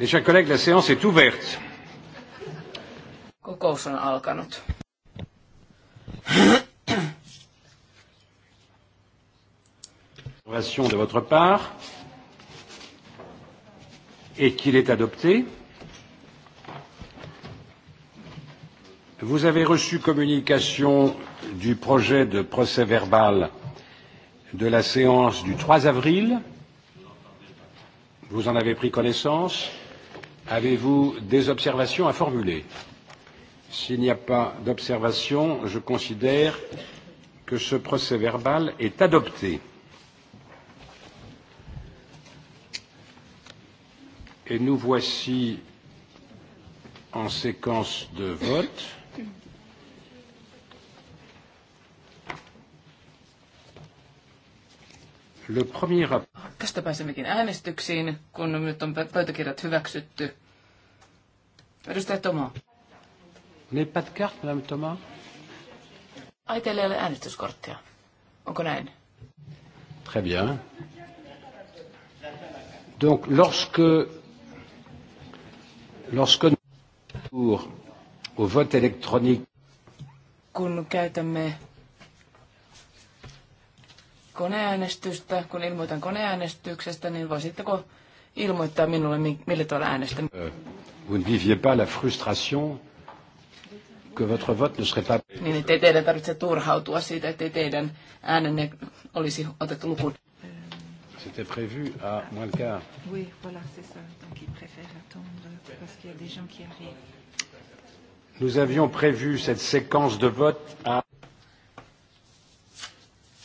Mes chers collègues, la séance est ouverte. Kokous on alkanut. de votre part et qu'il est adopté. Vous avez reçu communication du projet de procès verbal de la séance du 3 avril. Vous en avez pris connaissance. Avez-vous des observations à formuler S'il n'y a pas d'observation, je considère que ce procès verbal est adopté. Et nous voici en séquence de vote. Le premier... Tästä pääsemmekin äänestyksiin, kun nyt on pöytäkirjat hyväksytty. Edustaja Tomo. Niin pätkää, Madame Tomo. Ai, teillä ei ole äänestyskorttia. Onko näin? Très bien. Donc, lorsque, lorsque nous au vote électronique, kun käytämme koneäänestystä, kun ilmoitan koneäänestyksestä, niin voisitteko ilmoittaa minulle, millä tavalla äänestämme? Euh, vous ne viviez pas la frustration que votre vote ne serait pas... Niin, ettei teidän tarvitse turhautua siitä, ettei teidän äänenne olisi otettu lukuun. C'était prévu à moins le quart. Oui, voilà, c'est ça. Donc ils préfèrent attendre parce qu'il y a des gens qui arrivent. Nous avions prévu cette séquence de vote à...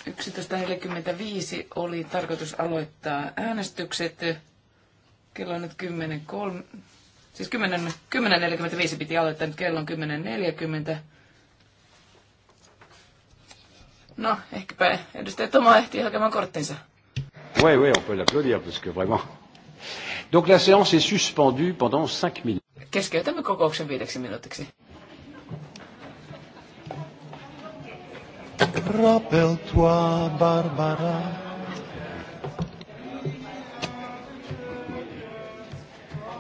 11.45 oli tarkoitus aloittaa äänestykset. Kello on nyt 10.30 Siis 10.45 10, piti aloittaa, nyt kello on 10.40. No, ehkäpä edustaja Toma ehtii hakemaan korttinsa. Oui, oui, on peut l'applaudir, parce que vraiment... Donc la séance est suspendue pendant 5 minutes. Keskeytämme kokouksen viideksi minuutiksi. rappel toi Barbara.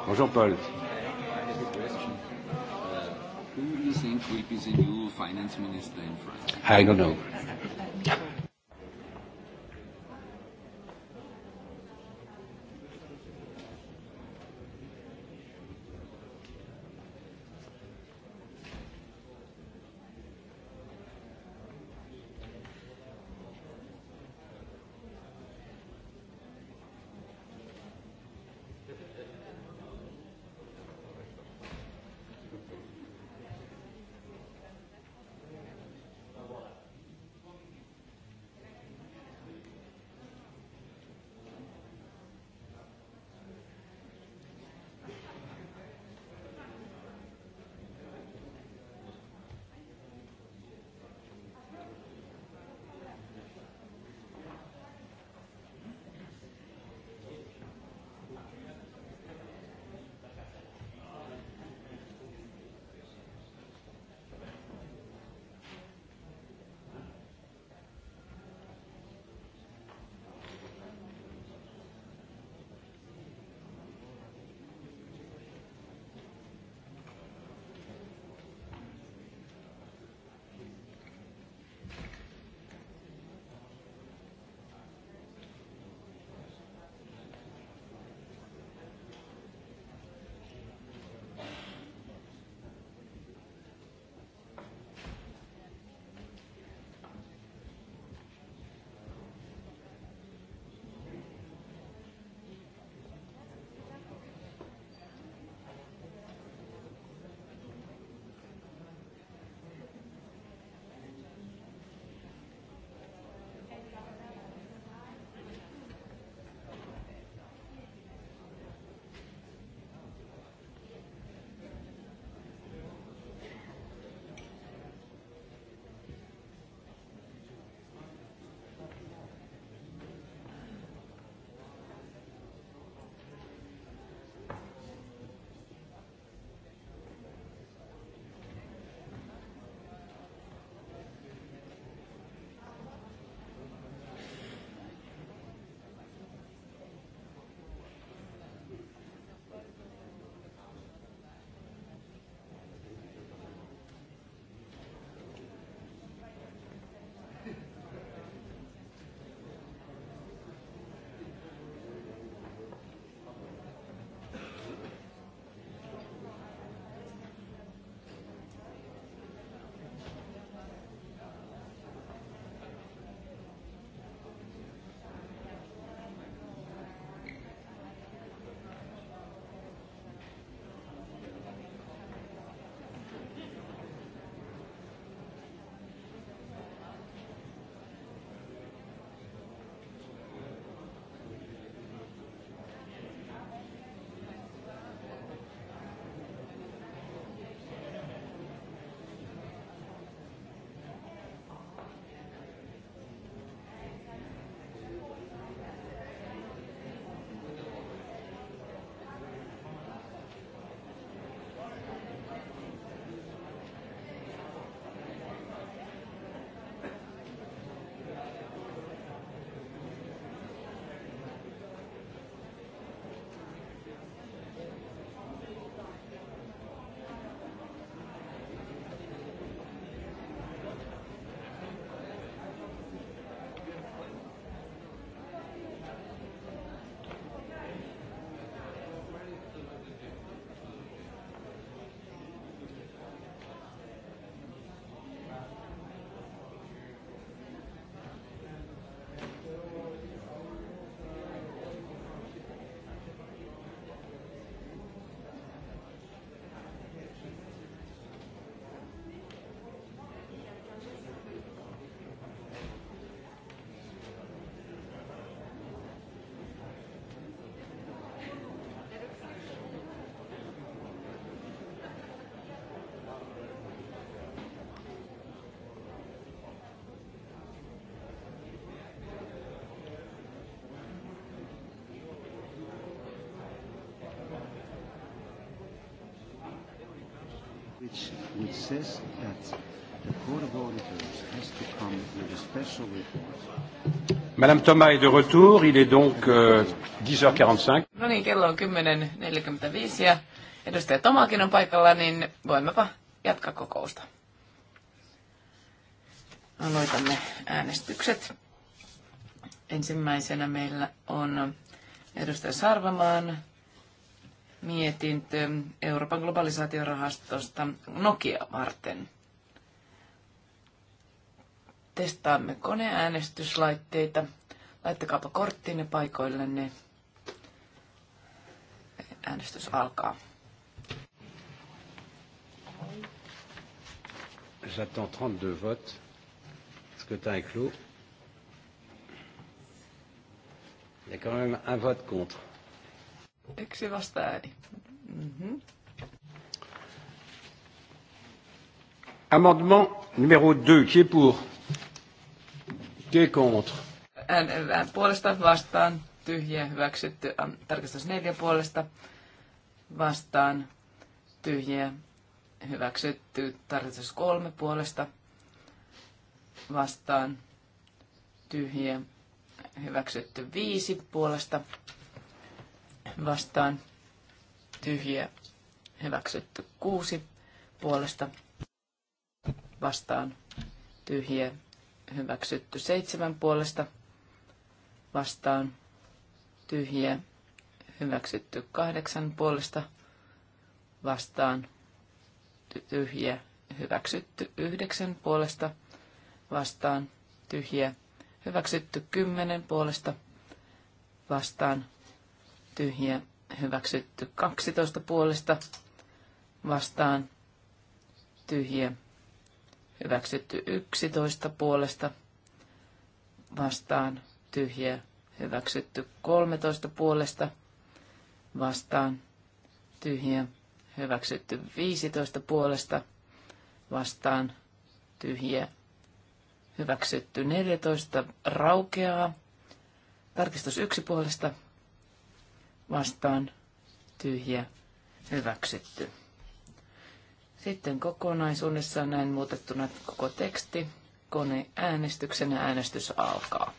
Bonjour Paul. do you think will be the new finance minister in France? I don't know. which, which says that the Court of Auditors has to come with a special report. Madame Thomas est de retour, il est donc euh, 10h45. No niin, kello on 10.45 ja edustaja Tomakin on paikalla, niin voimmepa jatkaa kokousta. Aloitamme äänestykset. Ensimmäisenä meillä on edustaja Sarvamaan mietintö Euroopan globalisaatiorahastosta Nokia varten. Testaamme koneäänestyslaitteita. Laittakaapa korttinne paikoillenne. Äänestys alkaa. J'attends 32 votes. Scrutin est clos. Il y a quand même un vote contre. Yksi vasta ääni. Mm-hmm. Amendement numéro 2, qui est pour? Qui est contre? Ään, ään puolesta vastaan, tyhjä, hyväksytty. tarkastus neljä puolesta vastaan, tyhjä, hyväksytty. tarkastus kolme puolesta vastaan, tyhjä, hyväksytty. Viisi puolesta vastaan tyhjiä hyväksytty. Kuusi puolesta vastaan tyhjiä hyväksytty. Seitsemän puolesta vastaan tyhjiä hyväksytty. Kahdeksan puolesta vastaan tyhjiä hyväksytty. Yhdeksän puolesta vastaan tyhjiä hyväksytty. Kymmenen puolesta vastaan tyhjä hyväksytty 12 puolesta vastaan tyhjä hyväksytty 11 puolesta vastaan tyhjä hyväksytty 13 puolesta vastaan tyhjä hyväksytty 15 puolesta vastaan tyhjä hyväksytty 14 raukeaa tarkistus 1 puolesta vastaan tyhjä hyväksytty. Sitten kokonaisuudessaan näin muutettuna koko teksti kone ja äänestys alkaa.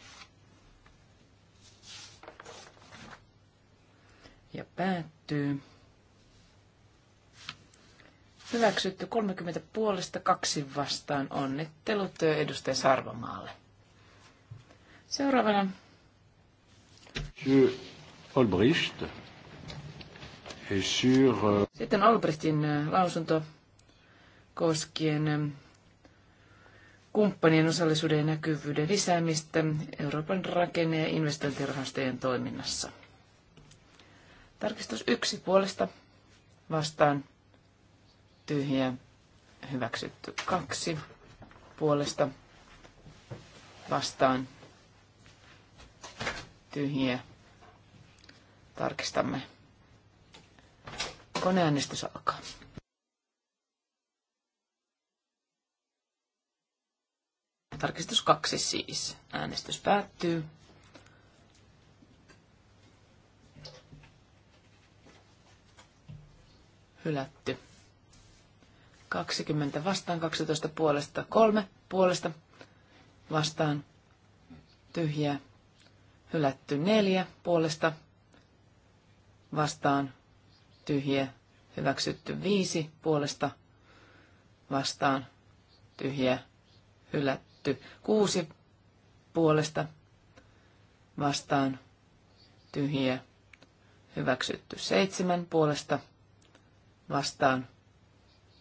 Ja päättyy. Hyväksytty 30 puolesta kaksi vastaan. Onnittelut edustaja Sarvamaalle. Seuraavana. Kyllä. Olbricht. Sur... Euh, Sitten Olbrichtin äh, lausunto koskien ähm, kumppanien osallisuuden ja näkyvyyden lisäämistä Euroopan rakenne- ja investointirahastojen toiminnassa. Tarkistus yksi puolesta vastaan tyhjä hyväksytty kaksi puolesta vastaan tyhjä Tarkistamme. Koneäänestys alkaa. Tarkistus kaksi siis. Äänestys päättyy. Hylätty. 20 vastaan, 12 puolesta, 3 puolesta vastaan, tyhjää, hylätty 4 puolesta, vastaan tyhjä hyväksytty viisi puolesta vastaan tyhjä hylätty kuusi puolesta vastaan tyhjä hyväksytty seitsemän puolesta vastaan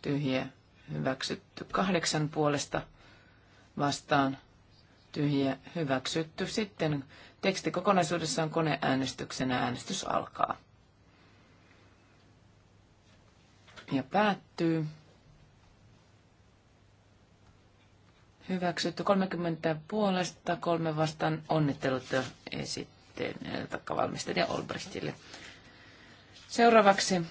tyhjä hyväksytty kahdeksan puolesta vastaan tyhjä hyväksytty. Sitten teksti kokonaisuudessaan koneäänestyksenä äänestys alkaa. ja päättyy. Hyväksytty 30 puolesta, kolme vastaan onnittelut sitten takavalmistelija Olbrechtille Seuraavaksi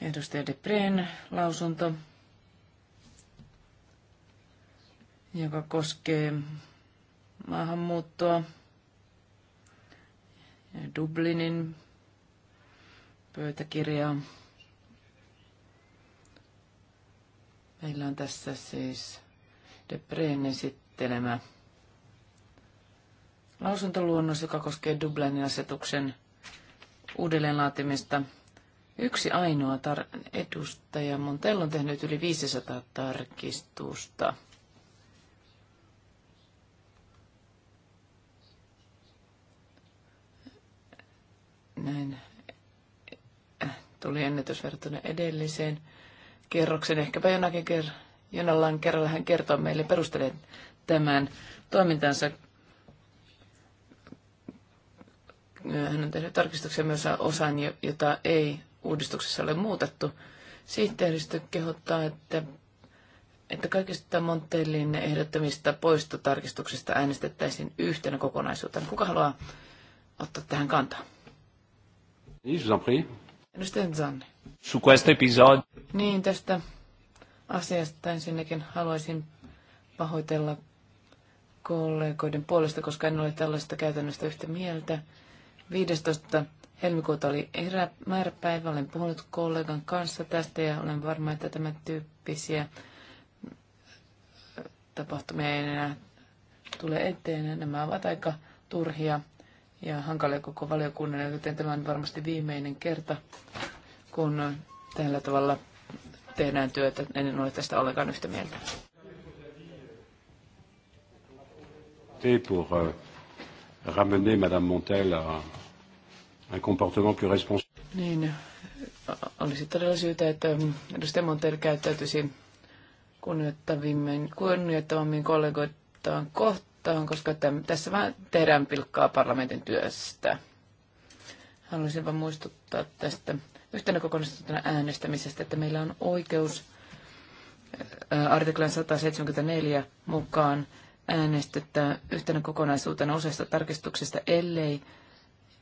edustaja Depreen lausunto, joka koskee maahanmuuttoa ja Dublinin pöytäkirjaa. Meillä on tässä siis Depreen esittelemä lausuntoluonnos, joka koskee Dublinin asetuksen uudelleenlaatimista. Yksi ainoa tar- edustaja Montello on tehnyt yli 500 tarkistusta. Näin äh, tuli ennätys edelliseen kerroksen. Ehkäpä jonakin ker- jonallaan kerralla hän kertoo meille perustelee tämän toimintansa. Hän on tehnyt tarkistuksia myös osan, jota ei uudistuksessa ole muutettu. Sihteeristö kehottaa, että, että kaikista Montellin ehdottomista poistotarkistuksista äänestettäisiin yhtenä kokonaisuutena. Kuka haluaa ottaa tähän kantaa? Je vous en prie. Edustaja Zanni. Su questo episodio. Niin, tästä asiasta ensinnäkin haluaisin pahoitella kollegoiden puolesta, koska en ole tällaista käytännöstä yhtä mieltä. 15. helmikuuta oli erä, määräpäivä. Olen puhunut kollegan kanssa tästä ja olen varma, että tämän tyyppisiä äh, tapahtumia ei enää tule eteen. Nämä ovat aika turhia ja hankalia koko valiokunnalle, joten tämä on varmasti viimeinen kerta, kun tällä tavalla tehdään työtä. En ole tästä ollenkaan yhtä mieltä. pour euh, ramener Madame Montel à un comportement plus responsable. Niin, olisi todella syytä, että edustaja Montel käyttäytyisi kunnioittavammin, kunnioittavammin kollegoitaan kohtaan tuohon, koska tässä vaan tehdään pilkkaa parlamentin työstä. Haluaisin vain muistuttaa tästä yhtenä kokonaisuutena äänestämisestä, että meillä on oikeus artiklan 174 mukaan äänestettä yhtenä kokonaisuutena useista tarkistuksista, ellei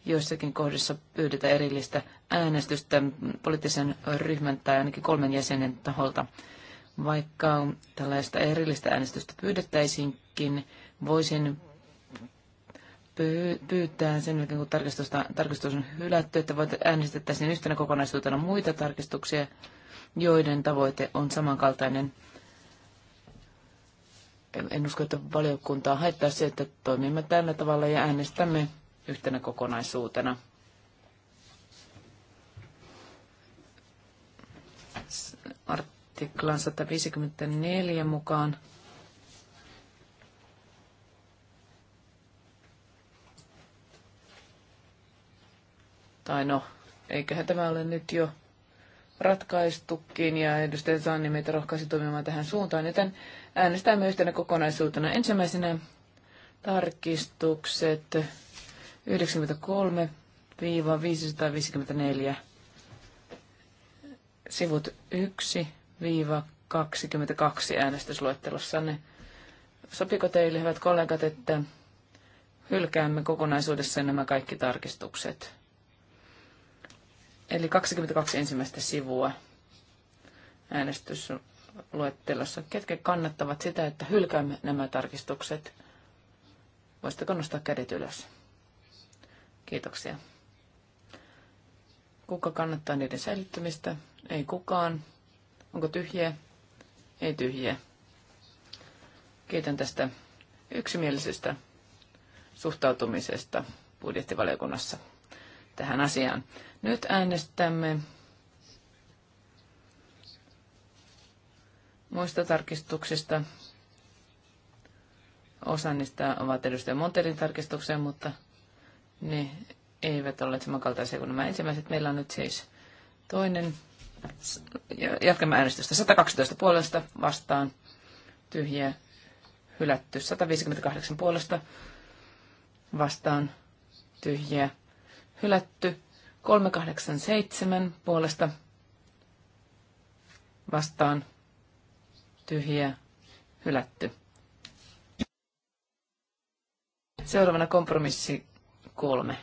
joissakin kohdissa pyydetä erillistä äänestystä poliittisen ryhmän tai ainakin kolmen jäsenen taholta. Vaikka tällaista erillistä äänestystä pyydettäisiinkin, voisin pyytää sen jälkeen, kun tarkistus on hylätty, että voit äänestettäisiin yhtenä kokonaisuutena muita tarkistuksia, joiden tavoite on samankaltainen. En usko, että valiokuntaa haittaa se, että toimimme tällä tavalla ja äänestämme yhtenä kokonaisuutena. Artiklan 154 mukaan Tai no, eiköhän tämä ole nyt jo ratkaistukin ja edustaja Zanni meitä rohkaisi toimimaan tähän suuntaan, joten äänestämme yhtenä kokonaisuutena. Ensimmäisenä tarkistukset 93-554, sivut 1-22 äänestysluettelossanne. Sopiko teille, hyvät kollegat, että hylkäämme kokonaisuudessaan nämä kaikki tarkistukset? Eli 22 ensimmäistä sivua äänestysluettelossa. Ketkä kannattavat sitä, että hylkäämme nämä tarkistukset? Voisitteko nostaa kädet ylös? Kiitoksia. Kuka kannattaa niiden säilyttämistä? Ei kukaan. Onko tyhjiä? Ei tyhjiä. Kiitän tästä yksimielisestä suhtautumisesta budjettivaliokunnassa tähän asiaan. Nyt äänestämme muista tarkistuksista. Osa niistä ovat edustajan Montelin tarkistuksia, mutta ne eivät ole samankaltaisia kuin nämä ensimmäiset. Meillä on nyt siis toinen. Jatkamme äänestystä 112 puolesta vastaan. Tyhjä hylätty 158 puolesta vastaan. Tyhjä hylätty. 387 puolesta vastaan tyhjiä hylätty. Seuraavana kompromissi kolme.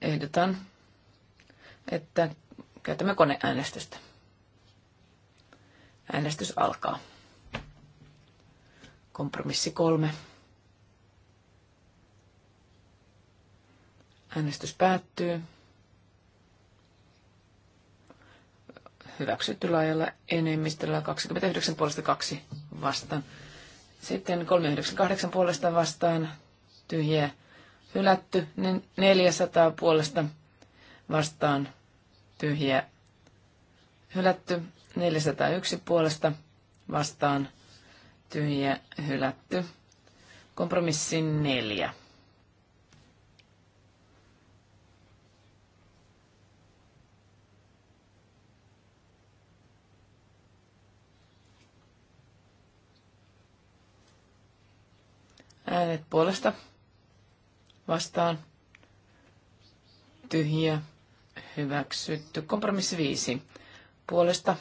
Ehdotan, että käytämme koneäänestystä. Äänestys alkaa. Kompromissi kolme. Äänestys päättyy. Hyväksytty laajalla enemmistöllä 29 puolesta 2 vastaan. Sitten 398 puolesta vastaan tyhjä hylätty, niin 400 puolesta vastaan tyhjä hylätty, 401 puolesta vastaan tyhjä hylätty. Kompromissi neljä. Äänet puolesta vastaan tyhjä hyväksytty. Kompromissi viisi puolesta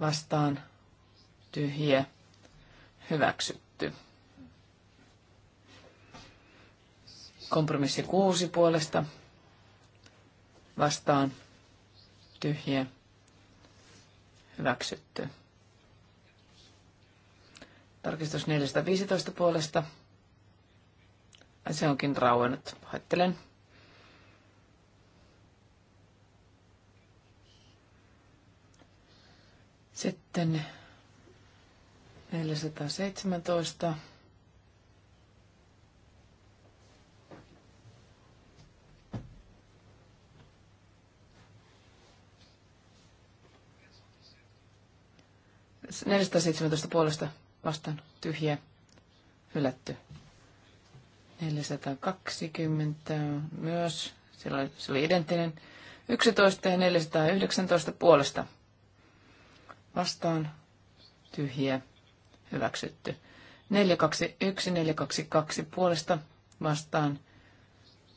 vastaan tyhjä hyväksytty. Kompromissi kuusi puolesta vastaan tyhjä hyväksytty. Tarkistus 415 puolesta. Se onkin rauennut. Pahoittelen. Sitten 417. Neljäsataa puolesta vastaan tyhjä hylätty. 420 myös, se oli, se oli identtinen. 11 ja 419 puolesta vastaan tyhjä hyväksytty. 421, 422 puolesta vastaan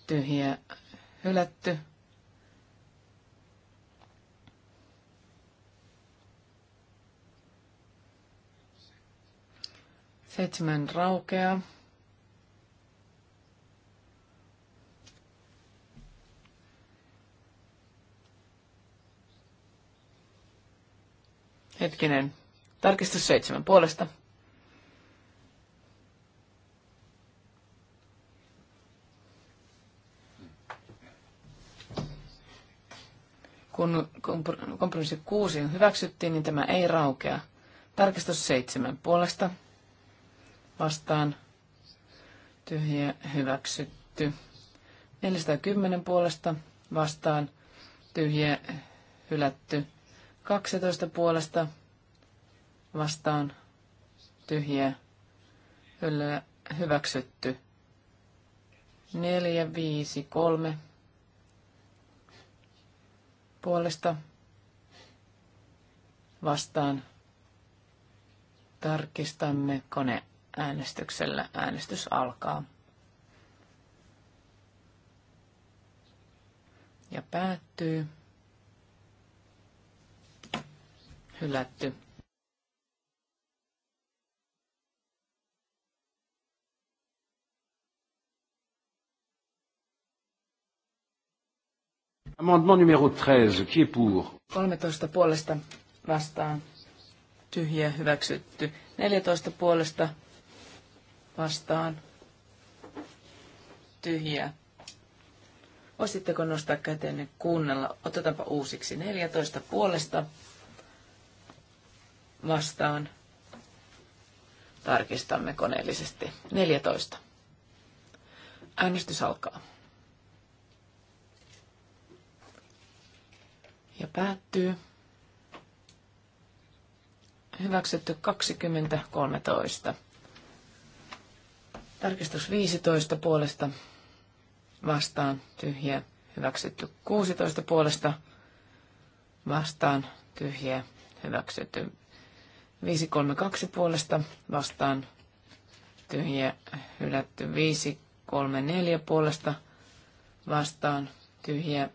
tyhjä hylätty. Seitsemän raukeaa. Hetkinen. Tarkistus seitsemän puolesta. Kun kompromissi 6 hyväksyttiin, niin tämä ei raukea. Tarkistus seitsemän puolesta vastaan tyhjä hyväksytty. 410 puolesta vastaan tyhjä hylätty. 12 puolesta vastaan tyhjä hyväksytty. 4, 5, 3 puolesta vastaan tarkistamme kone äänestyksellä. Äänestys alkaa. Ja päättyy. Hylätty. Amendement numéro 13, qui est pour 13 puolesta vastaan. Tyhjä hyväksytty. 14 puolesta vastaan tyhjää. Voisitteko nostaa kätenne kuunnella? Otetaanpa uusiksi 14 puolesta vastaan. Tarkistamme koneellisesti. 14. Äänestys alkaa. Ja päättyy. Hyväksytty 2013. Tarkistus 15 puolesta vastaan tyhjä hyväksytty. 16 puolesta vastaan tyhjä hyväksytty. 532 puolesta vastaan tyhjä hylätty. 534 puolesta vastaan tyhjä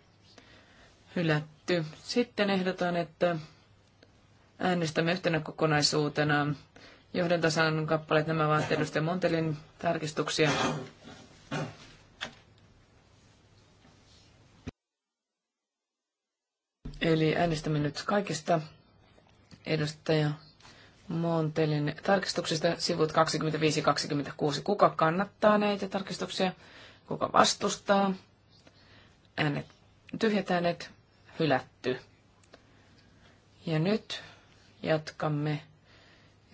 hylätty. Sitten ehdotan, että äänestämme yhtenä kokonaisuutena johdantasan kappaleet, nämä ovat edustaja Montelin tarkistuksia. Eli äänestämme nyt kaikista edustaja Montelin tarkistuksista sivut 25-26. Kuka kannattaa näitä tarkistuksia? Kuka vastustaa? Äänet, tyhjät äänet, hylätty. Ja nyt jatkamme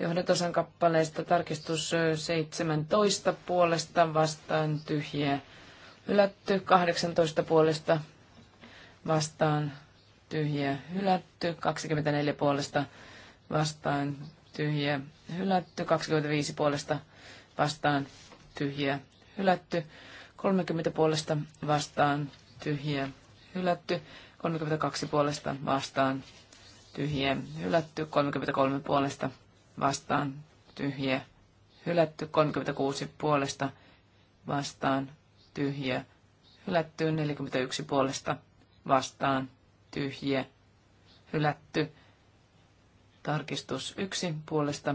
Johdatosan kappaleesta tarkistus 17 puolesta vastaan tyhjiä. Hylätty 18 puolesta vastaan tyhjiä. Hylätty 24 puolesta vastaan tyhjiä. Hylätty 25 puolesta vastaan tyhjiä. Hylätty 30 puolesta vastaan tyhjiä. Hylätty 32 puolesta vastaan tyhjiä. Hylätty 33 puolesta vastaan, vastaan tyhjä, hylätty 36 puolesta vastaan tyhjä, hylätty 41 puolesta vastaan tyhjä, hylätty tarkistus 1 puolesta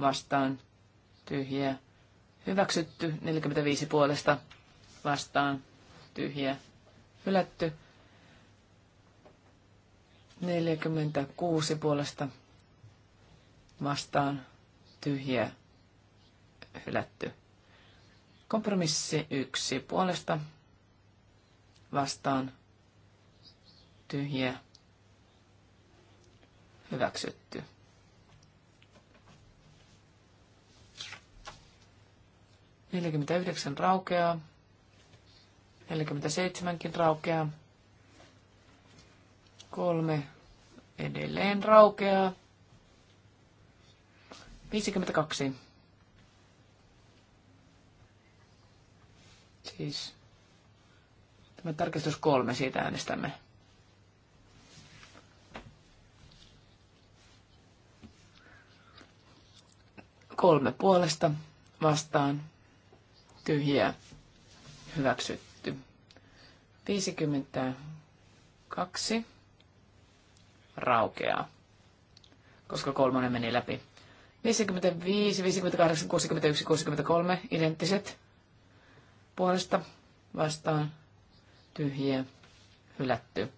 vastaan tyhjä, hyväksytty 45 puolesta vastaan tyhjä, hylätty 46 puolesta vastaan vastaan tyhjä hylätty. Kompromissi yksi puolesta vastaan tyhjä hyväksytty. yhdeksän raukeaa. Neljäkymmentä seitsemänkin raukeaa. Kolme edelleen raukeaa. 52. Siis tämä tarkistus kolme, siitä äänestämme. Kolme puolesta vastaan tyhjää hyväksytty. 52 raukeaa, koska kolmonen meni läpi. 55, 58, 61, 63 identtiset puolesta vastaan tyhjiä hylätty.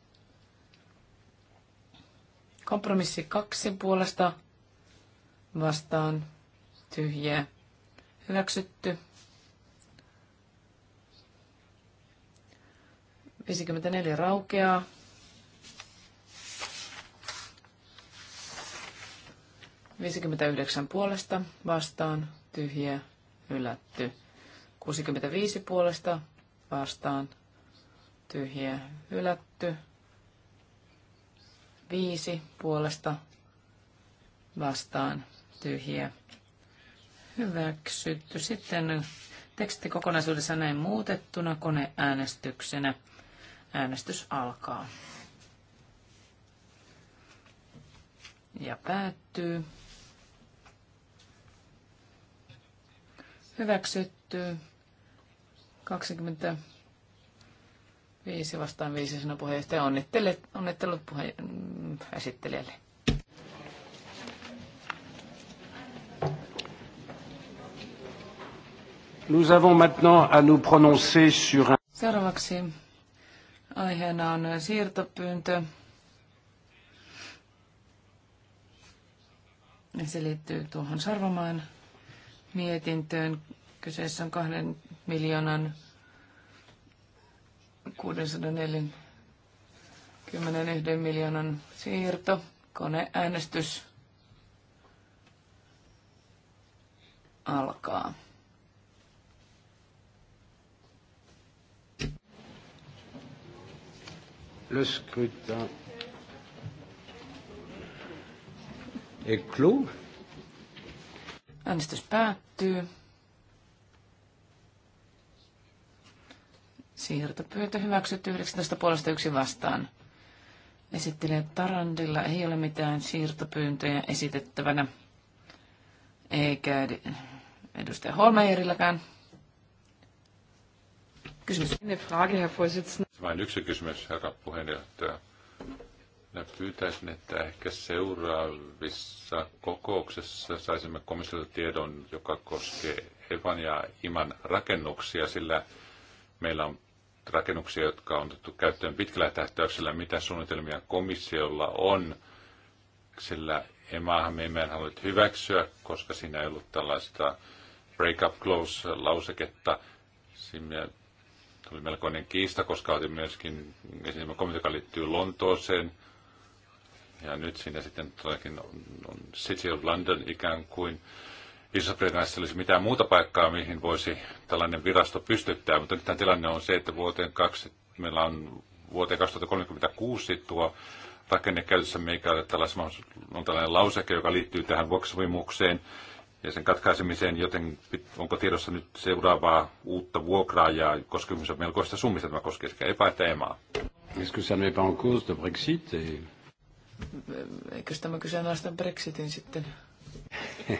Kompromissi 2 puolesta vastaan tyhjiä hyväksytty. 54 raukeaa. 59 puolesta vastaan tyhjä hylätty. 65 puolesta vastaan tyhjä hylätty. 5 puolesta vastaan tyhjä hyväksytty. Sitten teksti kokonaisuudessaan näin muutettuna koneäänestyksenä. Äänestys alkaa ja päättyy. Hyväksytty. 25 vastaan 5 sana puheenjohtaja. Onnittelut, onnittelut puheen, mm, esittelijälle. Nous avons maintenant à nous prononcer sur un... Seuraavaksi aiheena on siirtopyyntö. Se liittyy tuohon Sarvamaan mietintöön. Kyseessä on kahden miljoonan 641 miljoonan siirto, koneäänestys alkaa. Le scrutin est clos. Äänestys päättyy. Siirtopyyntö hyväksytty 19 puolesta yksi vastaan. Esittelee Tarandilla ei ole mitään siirtopyyntöjä esitettävänä, eikä edustaja Holmeirilläkään. Kysymys. Vain yksi kysymys, herra puheenjohtaja. Minä pyytäisin, että ehkä seuraavissa kokouksessa saisimme komissiolta tiedon, joka koskee Evan ja Iman rakennuksia, sillä meillä on rakennuksia, jotka on otettu käyttöön pitkällä tähtäyksellä. Mitä suunnitelmia komissiolla on, sillä Emaahan me emme halunnut hyväksyä, koska siinä ei ollut tällaista break up close lauseketta. Siinä tuli melkoinen kiista, koska otin myöskin esimerkiksi komitea, joka liittyy Lontooseen – ja nyt siinä sitten todellakin on City of London ikään kuin Iso-Britanniassa olisi mitään muuta paikkaa, mihin voisi tällainen virasto pystyttää, mutta nyt tämä tilanne on se, että vuoteen kaksi, meillä on vuoteen 2036 tuo rakenne käytössä, mikä on tällainen lauseke, joka liittyy tähän vuokrasopimukseen ja sen katkaisemiseen, joten onko tiedossa nyt seuraavaa uutta vuokraa ja on melkoista summista tämä koskee sekä epä- että emaa. Est-ce que ça ne pas en cause de Brexit et Eikö tämä kyseenalaista Brexitin sitten?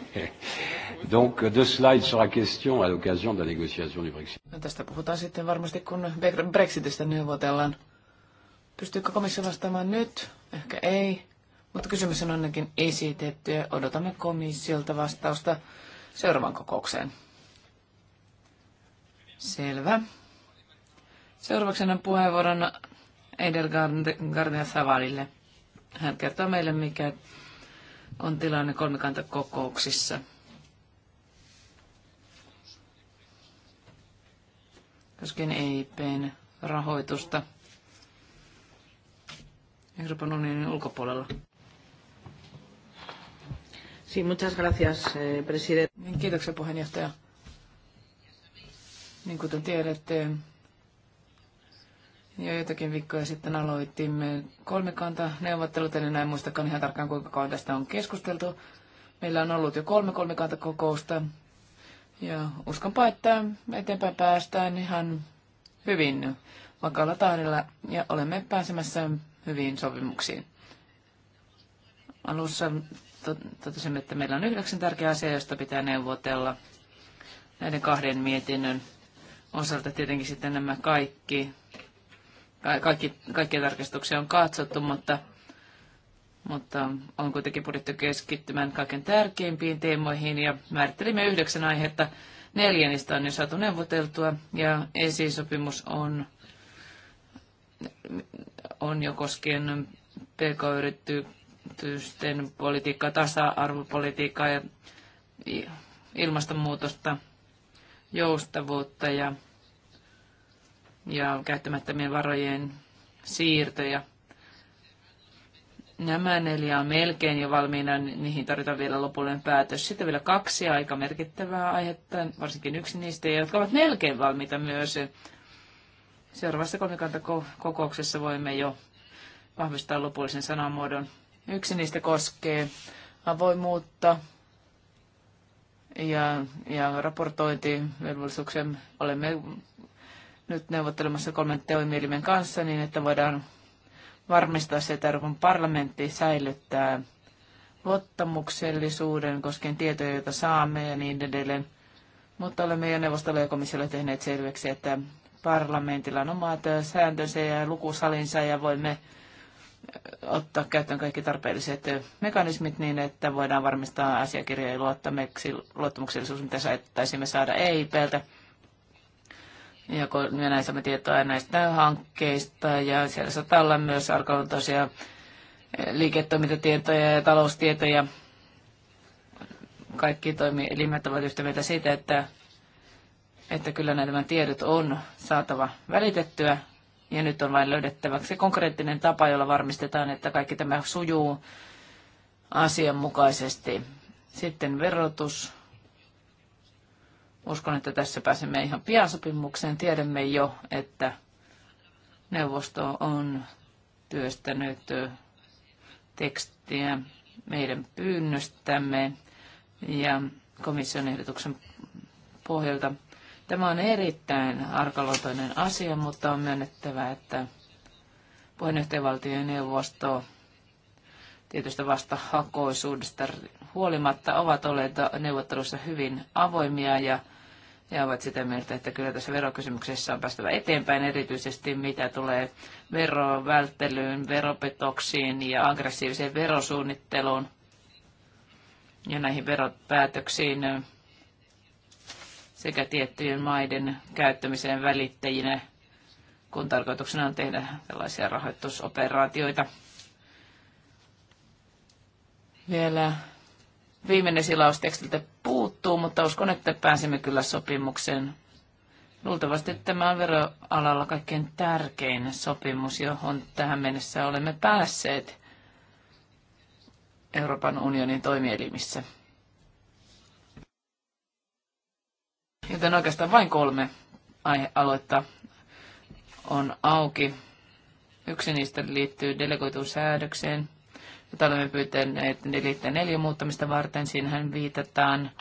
Donc de cela il sera question à l'occasion de la négociation du Brexit. No, tästä puhutaan sitten varmasti, kun Brexitistä neuvotellaan. Pystyykö komissio vastaamaan nyt? Ehkä ei. Mutta kysymys on ainakin esitetty ja odotamme komissiolta vastausta seuraavan kokoukseen. Selvä. Seuraavaksi annan puheenvuoron Edelgardner Savalille. Hän kertoo meille, mikä on tilanne kolmikantakokouksissa. Koskien EIPn rahoitusta Euroopan unionin ulkopuolella. Sí, muchas gracias, eh, presidente. Niin, kiitoksia puheenjohtaja. Niin kuten tiedätte, ja jotakin viikkoja sitten aloitimme kolmikanta neuvottelut, en enää muistakaan ihan tarkkaan kuinka kauan tästä on keskusteltu. Meillä on ollut jo kolme kolmikanta kokousta ja uskonpa, että eteenpäin päästään ihan hyvin vakaalla tahdilla ja olemme pääsemässä hyviin sopimuksiin. Alussa totesimme, että meillä on yhdeksän tärkeää asiaa, josta pitää neuvotella näiden kahden mietinnön osalta tietenkin sitten nämä kaikki kaikki, kaikkia tarkistuksia on katsottu, mutta, mutta on kuitenkin pudittu keskittymään kaiken tärkeimpiin teemoihin ja määrittelimme yhdeksän aihetta. Neljä niistä on jo saatu neuvoteltua ja esisopimus on, on jo koskien pk-yritysten politiikkaa, tasa-arvopolitiikkaa ja ilmastonmuutosta, joustavuutta ja ja käyttämättömien varojen siirtoja. Nämä neljä on melkein jo valmiina, niihin tarvitaan vielä lopullinen päätös. Sitten vielä kaksi aika merkittävää aihetta, varsinkin yksi niistä, jotka ovat melkein valmiita myös. Seuraavassa kolmikantakokouksessa voimme jo vahvistaa lopullisen sanamuodon. Yksi niistä koskee avoimuutta ja, ja raportointivelvollisuuksia. Olemme nyt neuvottelemassa kolmen teoimielimen kanssa niin, että voidaan varmistaa se, että Euroopan parlamentti säilyttää luottamuksellisuuden koskien tietoja, joita saamme ja niin edelleen. Mutta olemme jo neuvostolle ja komissiolle tehneet selväksi, että parlamentilla on omat sääntönsä ja lukusalinsa ja voimme äh, ottaa käyttöön kaikki tarpeelliset mekanismit niin, että voidaan varmistaa asiakirjojen luottamuksellisuus, mitä saattaisimme saada EIPltä ja kun me näin saamme tietoa näistä hankkeista ja siellä saattaa olla myös arkaluontoisia eh, liiketoimintatietoja ja taloustietoja. Kaikki toimielimet ovat yhtä mieltä siitä, että, että kyllä nämä tiedot on saatava välitettyä ja nyt on vain löydettäväksi konkreettinen tapa, jolla varmistetaan, että kaikki tämä sujuu asianmukaisesti. Sitten verotus Uskon, että tässä pääsemme ihan pian sopimukseen. Tiedämme jo, että neuvosto on työstänyt tekstiä meidän pyynnöstämme ja komission ehdotuksen pohjalta. Tämä on erittäin arkaluontoinen asia, mutta on myönnettävä, että puheenjohtajavaltion neuvosto tietystä vastahakoisuudesta huolimatta ovat olleet neuvottelussa hyvin avoimia ja ja ovat sitä mieltä, että kyllä tässä verokysymyksessä on päästävä eteenpäin, erityisesti mitä tulee verovälttelyyn, veropetoksiin ja aggressiiviseen verosuunnitteluun ja näihin veropäätöksiin sekä tiettyjen maiden käyttämiseen välittäjinä, kun tarkoituksena on tehdä tällaisia rahoitusoperaatioita. Vielä viimeinen silaus tekstiltä puuttuu, mutta uskon, että pääsemme kyllä sopimukseen. Luultavasti tämä on veroalalla kaikkein tärkein sopimus, johon tähän mennessä olemme päässeet Euroopan unionin toimielimissä. Joten oikeastaan vain kolme aihealuetta on auki. Yksi niistä liittyy delegoituun säädökseen jota olemme pyytäneet liitteen neljä muuttamista varten. Siinähän viitataan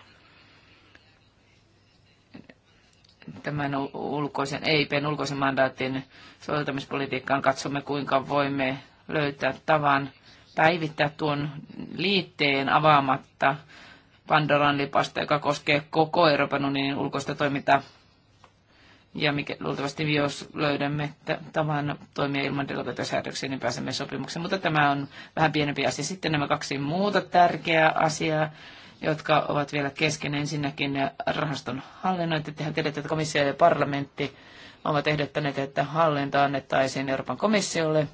tämän ulkoisen, EIPn ulkoisen mandaatin soveltamispolitiikkaan. Katsomme, kuinka voimme löytää tavan päivittää tuon liitteen avaamatta Pandoran lipasta, joka koskee koko Euroopan unionin ulkoista toimintaa ja mikä, luultavasti jos löydämme tavan toimia ilman delegatiosäädöksiä, niin pääsemme sopimukseen. Mutta tämä on vähän pienempi asia. Sitten nämä kaksi muuta tärkeää asiaa, jotka ovat vielä kesken. Ensinnäkin rahaston hallinnointi. Tehän tiedätte, että komissio ja parlamentti ovat ehdottaneet, että hallinta annettaisiin Euroopan komissiolle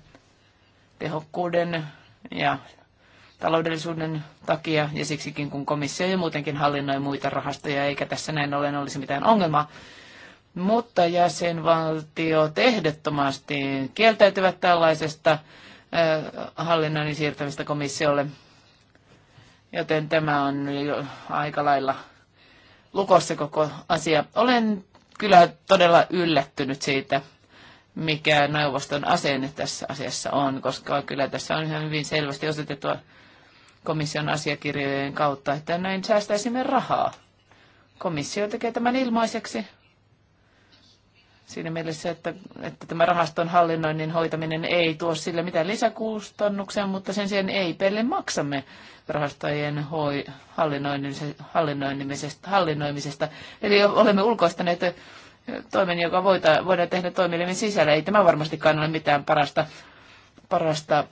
tehokkuuden ja taloudellisuuden takia ja siksikin kun komissio ja muutenkin hallinnoi muita rahastoja, eikä tässä näin ollen olisi mitään ongelmaa mutta jäsenvaltiot ehdottomasti kieltäytyvät tällaisesta äh, hallinnan siirtämistä komissiolle. Joten tämä on jo aika lailla lukossa koko asia. Olen kyllä todella yllättynyt siitä, mikä neuvoston asenne tässä asiassa on, koska kyllä tässä on ihan hyvin selvästi osoitettua komission asiakirjojen kautta, että näin säästäisimme rahaa. Komissio tekee tämän ilmaiseksi siinä mielessä, että, että tämä rahaston hallinnoinnin hoitaminen ei tuo sille mitään lisäkustannuksia, mutta sen sijaan pelle maksamme rahastojen hoi, hallinnoimisesta, hallinnoimisesta. Eli olemme ulkoistaneet toimen, joka voita, voidaan tehdä toimielimen sisällä. Ei tämä varmastikaan ole mitään parasta, parasta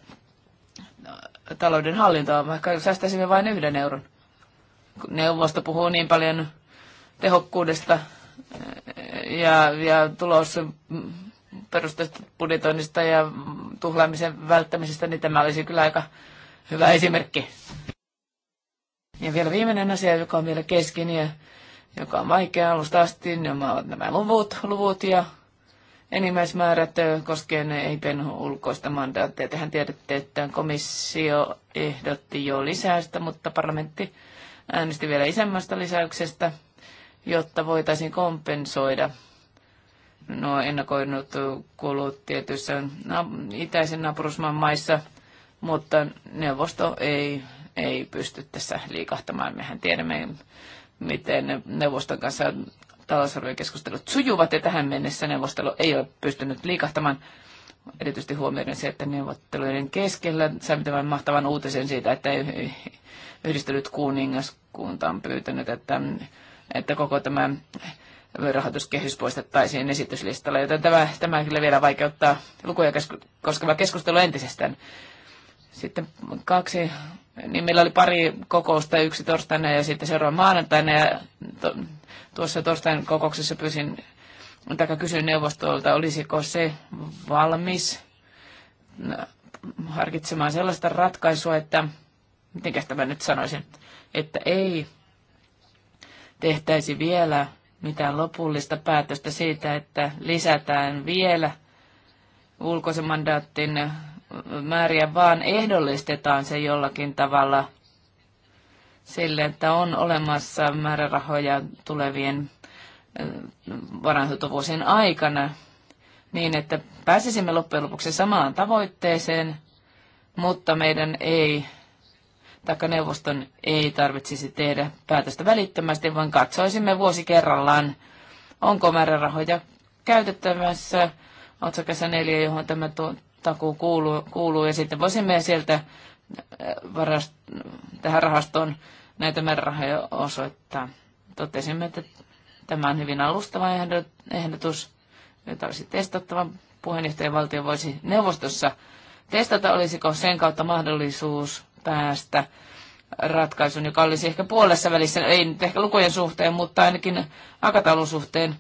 no, talouden hallintoa, vaikka säästäisimme vain yhden euron. Neuvosto puhuu niin paljon tehokkuudesta ja, ja tulos perusteista budjetoinnista ja tuhlaamisen välttämisestä, niin tämä olisi kyllä aika hyvä esimerkki. Ja vielä viimeinen asia, joka on vielä kesken ja joka on vaikea alusta asti, niin ovat nämä luvut, luvut ja enimmäismäärät koskien EIPen ulkoista mandaattia. Tehän tiedätte, että komissio ehdotti jo lisäystä, mutta parlamentti äänesti vielä isämmästä lisäyksestä – jotta voitaisiin kompensoida nuo ennakoinut kulut tietyissä itäisen naapurusmaan maissa, mutta neuvosto ei, ei pysty tässä liikahtamaan. Mehän tiedämme, miten neuvoston kanssa talousarviokeskustelut sujuvat ja tähän mennessä neuvostelu ei ole pystynyt liikahtamaan. Erityisesti huomioiden se, että neuvotteluiden keskellä saimme tämän mahtavan uutisen siitä, että yhdistynyt kuningaskunta on pyytänyt, että että koko tämä rahoituskehys poistettaisiin esityslistalla, joten tämä, tämä kyllä vielä vaikeuttaa lukuja koskeva keskustelu entisestään. Sitten kaksi, niin meillä oli pari kokousta, yksi torstaina ja sitten seuraava maanantaina, ja to, tuossa torstain kokouksessa pyysin, tai kysyin neuvostolta, olisiko se valmis no, harkitsemaan sellaista ratkaisua, että miten tämä nyt sanoisin, että ei tehtäisi vielä mitään lopullista päätöstä siitä, että lisätään vielä ulkoisen mandaattin määriä, vaan ehdollistetaan se jollakin tavalla sille, että on olemassa määrärahoja tulevien varainhoitovuosien aikana niin, että pääsisimme loppujen lopuksi samaan tavoitteeseen, mutta meidän ei taikka neuvoston ei tarvitsisi tehdä päätöstä välittömästi, vaan katsoisimme vuosi kerrallaan, onko määrärahoja käytettävässä otsakassa neljä, johon tämä takuu kuuluu, kuuluu, ja sitten voisimme sieltä äh, varast, tähän rahastoon näitä määrärahoja osoittaa. Totesimme, että tämä on hyvin alustava ehdotus, jota olisi testattava. Puheenjohtajavaltio voisi neuvostossa testata, olisiko sen kautta mahdollisuus päästä ratkaisun, joka olisi ehkä puolessa välissä, ei nyt ehkä lukujen suhteen, mutta ainakin aikataulun suhteen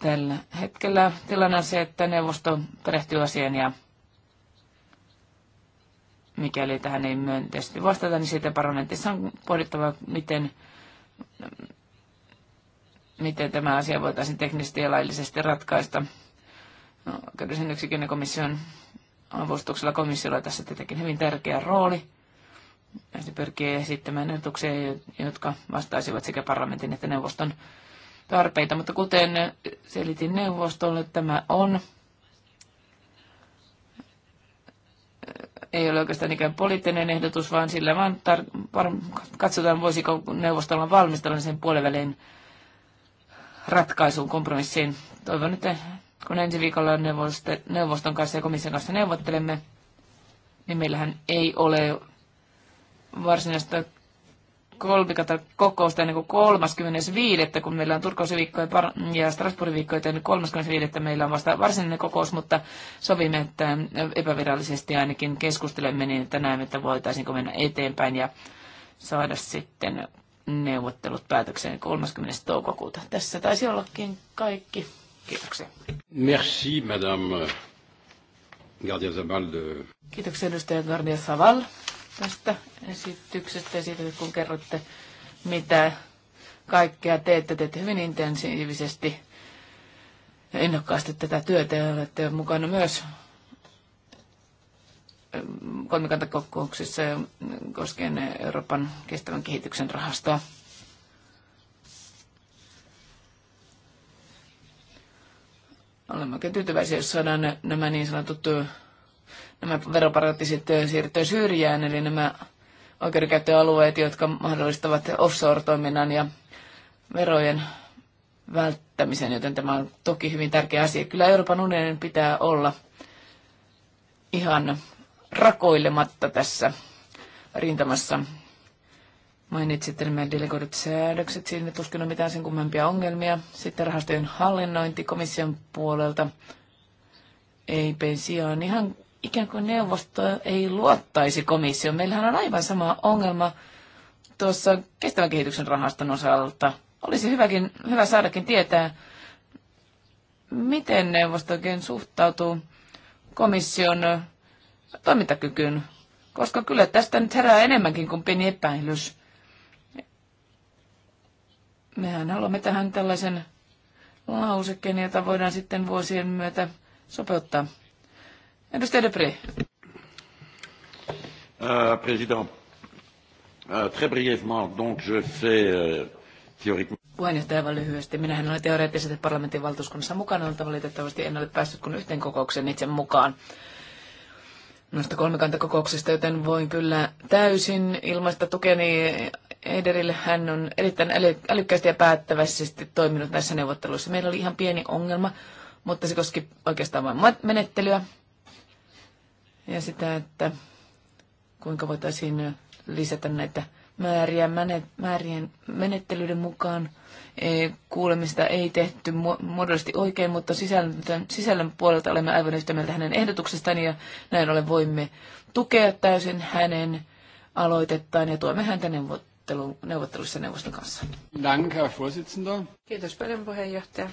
tällä hetkellä tilanne on se, että neuvosto perehtyy asian ja mikäli tähän ei myönteisesti vastata, niin sitten parlamentissa on pohdittava, miten, miten tämä asia voitaisiin teknisesti ja laillisesti ratkaista. No, oikeudellisen yksikön ja komission avustuksella komissiolla tässä tietenkin hyvin tärkeä rooli. Se pyrkii esittämään ehdotuksia, jotka vastaisivat sekä parlamentin että neuvoston tarpeita. Mutta kuten selitin neuvostolle, tämä on ei ole oikeastaan ikään poliittinen ehdotus, vaan sillä vaan tar- var- katsotaan, voisiko neuvostolla valmistella sen puolivälin ratkaisuun, kompromissiin. Toivon, että kun ensi viikolla neuvoston kanssa ja komission kanssa neuvottelemme, niin meillähän ei ole varsinaista kolmikata kokousta ennen kuin 35. kun meillä on Turkoosi viikko ja Strasbourgin viikko, joten 35. meillä on vasta varsinainen kokous, mutta sovimme, että epävirallisesti ainakin keskustelemme niin, että näemme, että voitaisiinko mennä eteenpäin ja saada sitten neuvottelut päätökseen 30. toukokuuta. Tässä taisi ollakin kaikki. Kiitoksia. Merci, madame Gardia Zabal. De... Kiitoksia edustaja Gardia Saval tästä esityksestä ja siitä, kun kerroitte, mitä kaikkea teette. Teette hyvin intensiivisesti innokkaasti tätä työtä ja olette mukana myös ähm, kolmikantakokouksissa koskien Euroopan kestävän kehityksen rahastoa. Olemme oikein tyytyväisiä, jos saadaan nämä niin sanotut nämä veroparatiisit siirtyä syrjään, eli nämä oikeudenkäyttöalueet, jotka mahdollistavat offshore-toiminnan ja verojen välttämisen, joten tämä on toki hyvin tärkeä asia. Kyllä Euroopan unionin pitää olla ihan rakoilematta tässä rintamassa Mainitsitte nämä delegoidut säädökset, siinä tuskin ole mitään sen kummempia ongelmia. Sitten rahastojen hallinnointi komission puolelta ei sijaan ihan ikään kuin neuvosto ei luottaisi komissioon. Meillähän on aivan sama ongelma tuossa kestävän kehityksen rahaston osalta. Olisi hyväkin, hyvä saadakin tietää, miten neuvosto oikein suhtautuu komission toimintakykyyn, koska kyllä tästä nyt herää enemmänkin kuin pieni epäilys. Mehän haluamme tähän tällaisen lausekkeen, jota voidaan sitten vuosien myötä sopeuttaa. Edustaja Depré. Uh, president. Uh, très brièvement, donc je fais uh, théoriquement puheenjohtaja aivan lyhyesti. Minähän olen teoreettisesti parlamentin valtuuskunnassa mukana, mutta valitettavasti en ole päässyt kuin yhteen kokoukseen itse mukaan noista kolmikantakokouksista, joten voin kyllä täysin ilmaista tukeni Ederille. Hän on erittäin älykkäästi ja päättävästi toiminut näissä neuvotteluissa. Meillä oli ihan pieni ongelma, mutta se koski oikeastaan vain menettelyä ja sitä, että kuinka voitaisiin lisätä näitä määriä määrien menettelyiden mukaan. E, kuulemista ei tehty muodollisesti oikein, mutta sisällön, sisällön puolelta olemme aivan yhtä mieltä hänen ehdotuksestaan ja näin ollen voimme tukea täysin hänen aloitettaan ja tuomme häntä neuvottelu, neuvotteluissa neuvoston kanssa. Dank, Herr Vorsitzender. Kiitos paljon puheenjohtaja.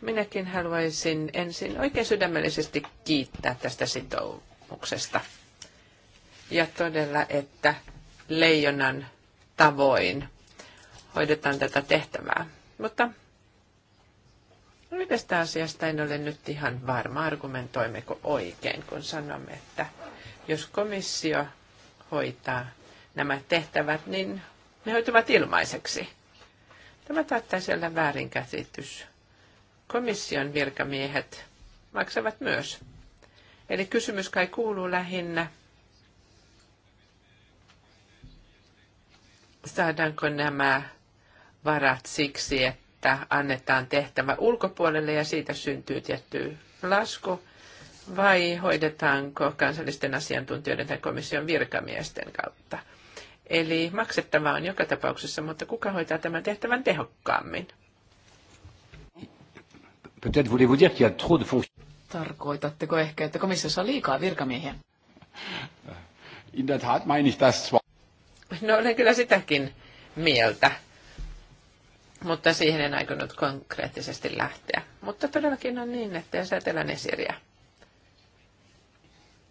Minäkin haluaisin ensin oikein sydämellisesti kiittää tästä sitoumuksesta. Ja todella, että leijonan tavoin hoidetaan tätä tehtävää. Mutta yhdestä asiasta en ole nyt ihan varma, argumentoimmeko oikein, kun sanomme, että jos komissio hoitaa nämä tehtävät, niin ne hoituvat ilmaiseksi. Tämä taattaisi olla väärinkäsitys. Komission virkamiehet maksavat myös. Eli kysymys kai kuuluu lähinnä, saadaanko nämä varat siksi, että annetaan tehtävä ulkopuolelle ja siitä syntyy tietty lasku, vai hoidetaanko kansallisten asiantuntijoiden tai komission virkamiesten kautta. Eli maksettavaa on joka tapauksessa, mutta kuka hoitaa tämän tehtävän tehokkaammin? Peut-être voulez-vous dire qu'il y a trop de Tarkoitatteko ehkä, että komissiossa on liikaa virkamiehiä? In der Tat meine ich das zwar. No olen kyllä sitäkin mieltä, mutta siihen en aikonut konkreettisesti lähteä. Mutta todellakin on niin, että jos ajatellaan esiriä,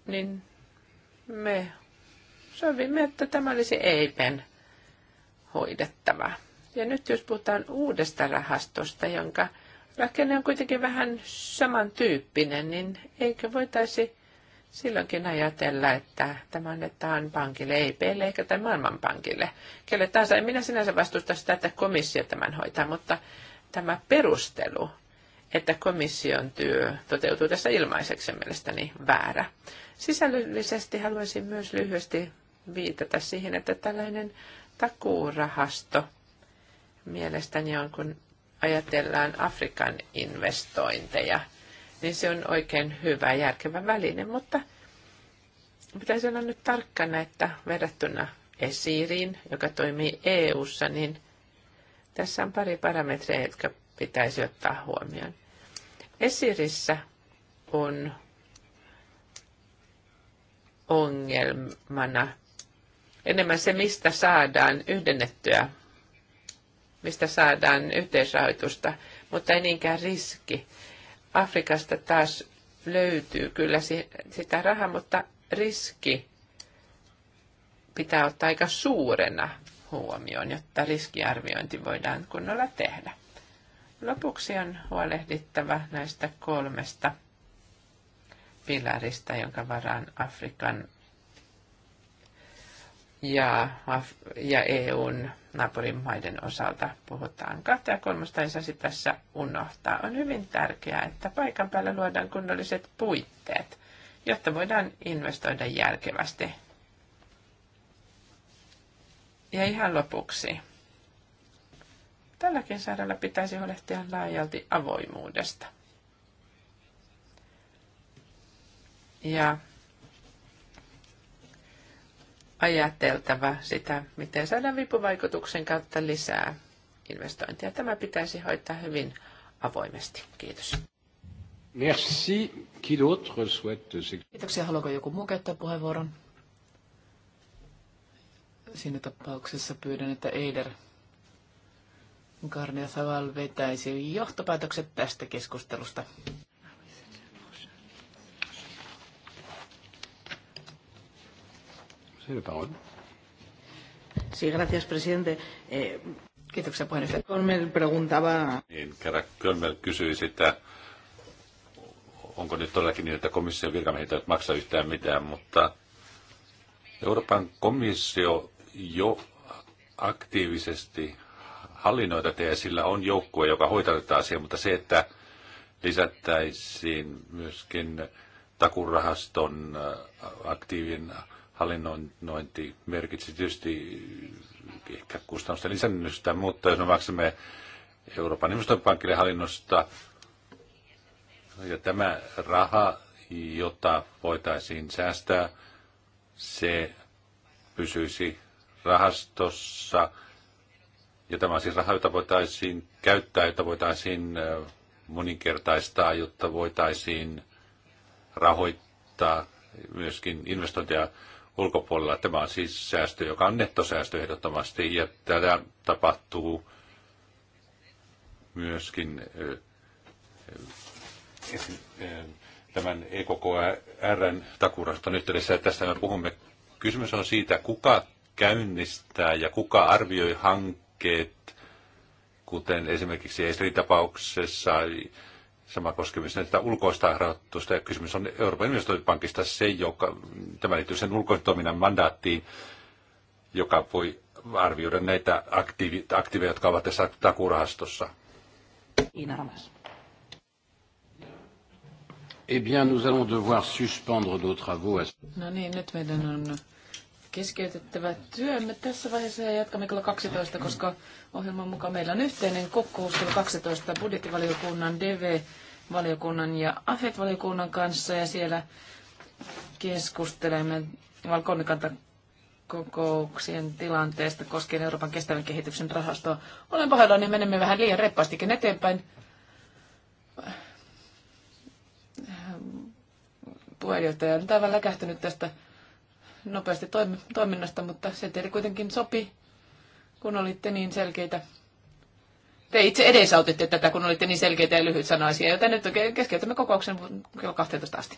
niin me sovimme, että tämä olisi EIPen hoidettava. Ja nyt jos puhutaan uudesta rahastosta, jonka rakenne on kuitenkin vähän samantyyppinen, niin eikö voitaisi silloinkin ajatella, että tämä annetaan pankille, ei peille eikä tämän maailmanpankille. Kelle tahansa, en minä sinänsä vastusta sitä, että komissio tämän hoitaa, mutta tämä perustelu, että komission työ toteutuu tässä ilmaiseksi, mielestäni väärä. Sisällöllisesti haluaisin myös lyhyesti viitata siihen, että tällainen takuurahasto mielestäni on, kun ajatellaan Afrikan investointeja, niin se on oikein hyvä ja järkevä väline, mutta pitäisi olla nyt tarkkana, että verrattuna Esiriin, joka toimii EU:ssa, niin tässä on pari parametreja, jotka pitäisi ottaa huomioon. Esirissä on ongelmana enemmän se, mistä saadaan yhdennettyä, mistä saadaan yhteisrahoitusta, mutta ei niinkään riski. Afrikasta taas löytyy kyllä sitä rahaa, mutta riski pitää ottaa aika suurena huomioon, jotta riskiarviointi voidaan kunnolla tehdä. Lopuksi on huolehdittava näistä kolmesta pilarista, jonka varaan Afrikan ja, ja EUn maiden osalta puhutaan. Kahta ja kolmosta ei saisi tässä unohtaa. On hyvin tärkeää, että paikan päällä luodaan kunnolliset puitteet, jotta voidaan investoida järkevästi. Ja ihan lopuksi. Tälläkin sairaalla pitäisi huolehtia laajalti avoimuudesta. Ja ajateltava sitä, miten saadaan vipuvaikutuksen kautta lisää investointia. Tämä pitäisi hoitaa hyvin avoimesti. Kiitos. Merci. Qui d'autre souhaite... Kiitoksia. Haluaako joku muu käyttää puheenvuoron? Siinä tapauksessa pyydän, että Eider Garnia Saval vetäisi johtopäätökset tästä keskustelusta. Sí, gracias, presidente. Eh, kiitoksia preguntaba... Niin, kysyi sitä, onko nyt todellakin niin, että komission virkamiehet eivät maksa yhtään mitään, mutta Euroopan komissio jo aktiivisesti hallinnoi tätä ja sillä on joukkue, joka hoitaa tätä asiaa, mutta se, että lisättäisiin myöskin takurahaston äh, aktiivin hallinnointi merkitsi tietysti ehkä kustannusten lisännystä, mutta jos me maksamme Euroopan investointipankille hallinnosta ja tämä raha, jota voitaisiin säästää, se pysyisi rahastossa. Ja tämä on siis raha, jota voitaisiin käyttää, jota voitaisiin äh, moninkertaistaa, jotta voitaisiin rahoittaa myöskin investointeja ulkopuolella. Tämä on siis säästö, joka on nettosäästö ehdottomasti, ja tätä tapahtuu myöskin eh, eh, eh, tämän EKKRn takurahaston yhteydessä. Tästä me puhumme. Kysymys on siitä, kuka käynnistää ja kuka arvioi hankkeet, kuten esimerkiksi esri tapauksessa Sama koskee myös näitä ulkoista rahoitusta ja kysymys on Euroopan investointipankista se, joka, tämä liittyy sen toiminnan mandaattiin, joka voi arvioida näitä aktiivi, aktiiveja, jotka ovat tässä takurahastossa. Eh bien, nous allons devoir suspendre nos travaux. No niin, nyt meidän on keskeytettävä työmme tässä vaiheessa ja jatkamme kello 12, koska ohjelman mukaan meillä on yhteinen kokous kello 12 budjettivaliokunnan, DV-valiokunnan ja AFET-valiokunnan kanssa ja siellä keskustelemme kolmikanta kokouksien tilanteesta koskien Euroopan kestävän kehityksen rahastoa. Olen pahoillani, niin menemme vähän liian reppaastikin eteenpäin. Puheenjohtaja on aivan läkähtynyt tästä nopeasti toiminnasta, mutta se teille kuitenkin sopi, kun olitte niin selkeitä. Te itse edesautitte tätä, kun olitte niin selkeitä ja lyhyt sanaisia, joten nyt keskeytämme kokouksen kello 12 asti.